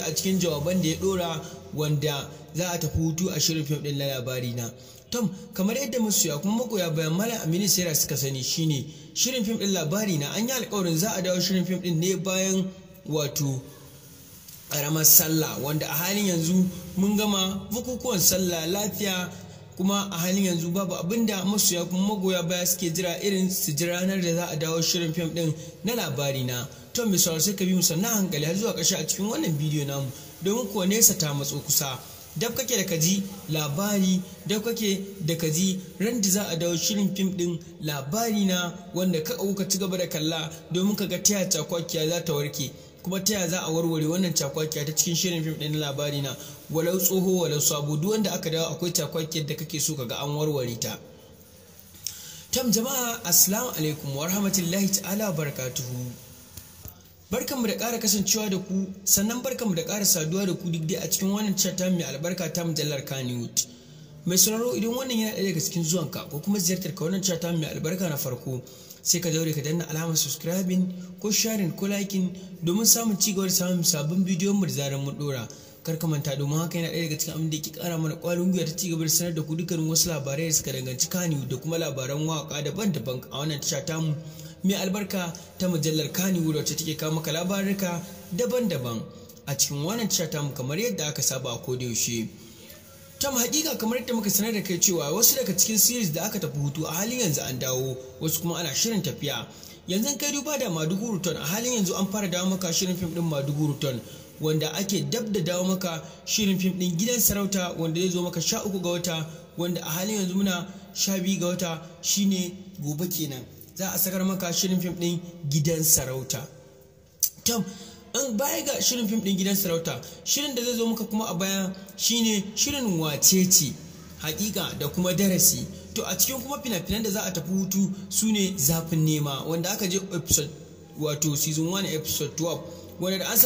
a cikin jawaban da ya dora wanda za a tafi hutu a shirin fim din labari na tom kamar yadda masoya kuma magoya bayan mala a sera suka sani shine shirin fim din labari na an yi alkawarin za a dawo shirin fim din ne bayan wato karamar sallah wanda a halin yanzu mun gama bukukuwan sallah lafiya kuma a halin yanzu babu abin da masoya kuma magoya baya suke jira irin su ji ranar da za a dawo shirin fim din na labari na to mai sauraro sai ka bi mu sannan hankali har zuwa ƙarshe a cikin wannan bidiyo namu domin kuwa nesa ta matso kusa dab kake da kaji labari dab kake da kaji ran da za a dawo shirin fim din labari na wanda ka ci gaba da kalla domin ka ga ta kwakiya za ta warke kuma ta yaya za a warware wannan cakwakiya ta cikin shirin fim ɗin labari na walau tsoho walau sabo duk wanda aka dawo akwai cakwakiyar da kake so ka ga an warware ta tam jama'a assalamu alaikum wa rahmatullahi ta'ala barakatuhu barkanmu da ƙara kasancewa da ku sannan barkanmu da ƙara saduwa da ku duk dai a cikin wannan chat mai albarka ta mujallar kanewood mai sauraro idan wannan yana ɗaya daga cikin zuwanka ko kuma ziyartar ka wannan chat mai albarka na farko sai ka daure ka danna alamar subscribing ko sharing ko liking domin samun cigaba da samun sabbin bidiyon mu da zarar mun dora kar ka manta domin haka yana ɗaya daga cikin abin da ke kara mana ƙwarin gwiwa ta cigaba da sanar da ku dukkanin wasu labarai da suka danganci kani da kuma labaran waka daban-daban a wannan tasha tamu mai albarka ta mujallar da wacce take kawo maka ka daban-daban a cikin wannan tasha mu kamar yadda aka saba a kodayaushe. yaushe tam hakika kamar yadda muka sanar da kai cewa wasu daga cikin series da aka tafi hutu a halin yanzu an dawo wasu kuma ana shirin tafiya yanzu kai duba da madugu ruton a halin yanzu an fara dawo maka shirin fim din madugu ruton wanda ake dab da dawo maka shirin fim din gidan sarauta wanda zai zo maka sha uku ga wata wanda a halin yanzu muna sha biyu ga wata shine gobe kenan za a sakar maka shirin fim din gidan sarauta tam an baya ga shirin fim din gidan sarauta shirin da zai zo muka kuma a baya shine shirin wace ce hakika da kuma darasi to a cikin kuma fina-finan da za a tafi hutu su ne zafin nema wanda aka je episode wato season 1 episode 12 wanda da an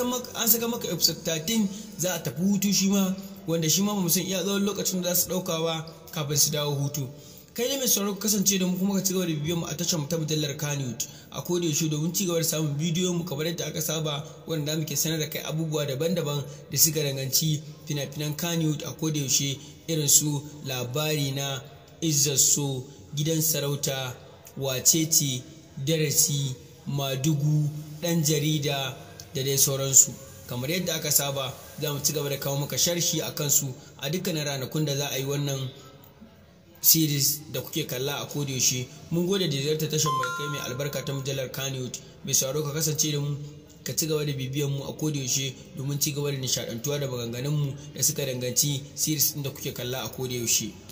saka maka episode 13 za a tafi hutu shi ma wanda shi ma ba iya tsawon lokacin da za su dauka ba kafin su dawo hutu kai ne mai sauraro kasance da mu kuma ka cigaba da bibiyon mu a tashar mu ta mujallar Kanut a koda yaushe domin cigaba da samun bidiyon mu kamar yadda aka saba wanda muke sanar da kai abubuwa daban-daban da suka danganci fina-finan Kanut a koda yaushe irin su labari na izzaso gidan sarauta wacece darasi madugu dan jarida da dai sauransu kamar yadda aka saba za mu ci gaba da kawo maka sharshi a kansu a dukkanin ranakun da za a yi wannan series da kuke kalla a kodiyoshi mun gode da ziyarta tashar mai kai mai albarka ta mujallar kanewt mai sauraro ka kasance da mu ka ci gaba da bibiyan mu a yaushe domin ci gaba da nishadantuwa da maganganun mu da suka danganci series din da kuke kalla a yaushe.